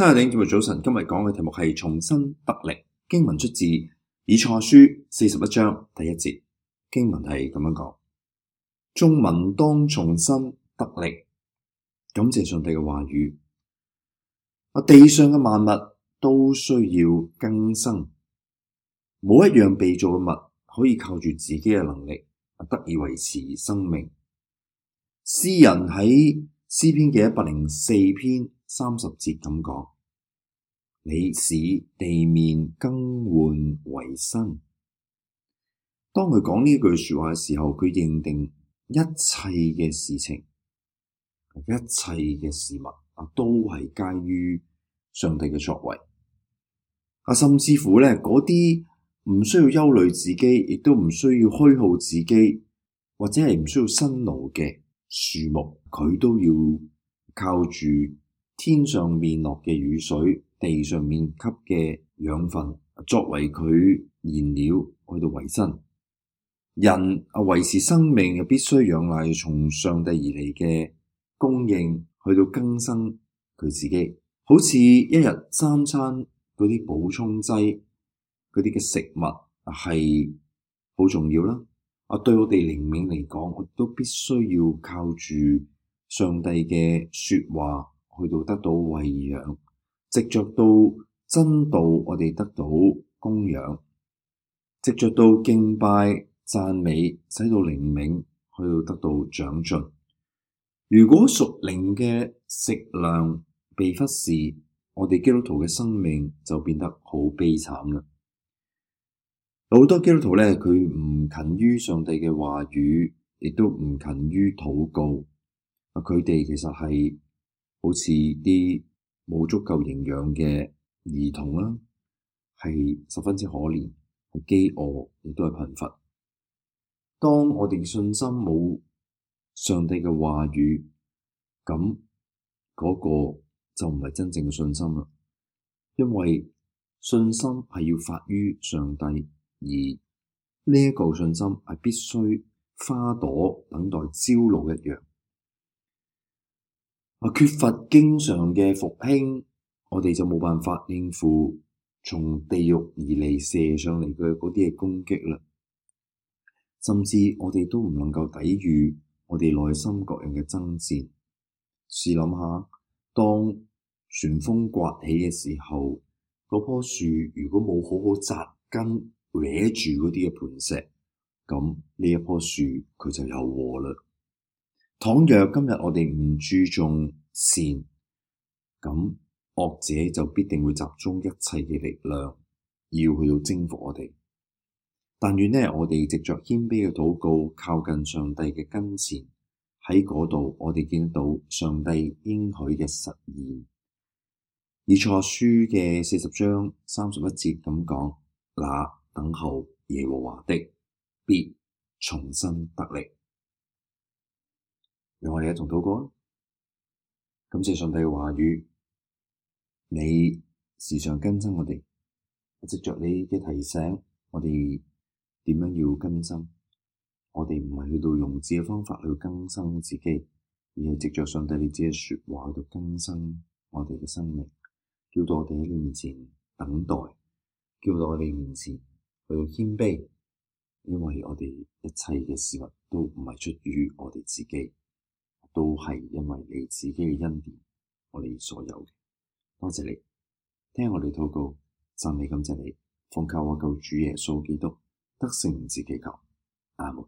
大家好，今日早晨，今日講嘅題目係重新得力。經文出自以賽亞書四十一章第一節，經文係咁樣講：眾民當重新得力。感謝上帝嘅話語，啊，地上嘅萬物都需要更生，冇一樣被造嘅物可以靠住自己嘅能力啊得以維持生命。詩人喺詩篇嘅一百零四篇。三十節咁講，你使地面更換為新。當佢講呢句說話嘅時候，佢認定一切嘅事情、一切嘅事物啊，都係介於上帝嘅作為。啊，甚至乎咧，嗰啲唔需要憂慮自己，亦都唔需要虛耗自己，或者係唔需要辛勞嘅樹木，佢都要靠住。天上面落嘅雨水，地上面吸嘅養分，作為佢燃料去到維生。人啊，維持生命又必須仰賴從上帝而嚟嘅供應去到更新佢自己。好似一日三餐嗰啲補充劑，嗰啲嘅食物係好重要啦。啊，對我哋靈命嚟講，我都必須要靠住上帝嘅說話。去到得到餵養，藉著到真道，我哋得到供養，藉著到敬拜讚美，使到靈命，去到得到長進。如果屬靈嘅食糧被忽視，我哋基督徒嘅生命就變得好悲慘啦。好多基督徒咧，佢唔勤於上帝嘅話語，亦都唔勤於禱告，佢哋其實係。好似啲冇足夠營養嘅兒童啦，係十分之可憐，係飢餓，亦都係貧乏。當我哋信心冇上帝嘅話語咁，嗰個就唔係真正嘅信心啦。因為信心係要發於上帝，而呢一個信心係必須花朵等待朝露一樣。我缺乏經常嘅復興，我哋就冇辦法應付從地獄而嚟射上嚟嘅嗰啲嘅攻擊啦。甚至我哋都唔能夠抵御我哋內心各樣嘅爭戰。試諗下，當旋風刮起嘅時候，嗰棵樹如果冇好好扎根，搲住嗰啲嘅磐石，咁呢一棵樹佢就有禍啦。倘若今日我哋唔注重善，咁惡者就必定會集中一切嘅力量，要去到征服我哋。但願呢，我哋藉着謙卑嘅禱告，靠近上帝嘅跟前，喺嗰度我哋見得到上帝應許嘅實現。以賽亞書嘅四十章三十一節咁講，那，等候耶和華的，必從新得力。讓我哋一同禱告啊！感謝上帝嘅話語，你時常更新我哋。藉着你嘅提醒，我哋點樣要更新？我哋唔係去到用自己嘅方法去更新自己，而係藉着上帝你自己嘅說話去到更新我哋嘅生命。叫到我哋喺你面前等待，叫到我哋面前去到謙卑，因為我哋一切嘅事物都唔係出於我哋自己。都係因為你自己嘅恩典，我哋所有嘅。多謝你聽我哋禱告，讚美感謝你，奉靠我救主耶穌基督得勝之祈求，阿門。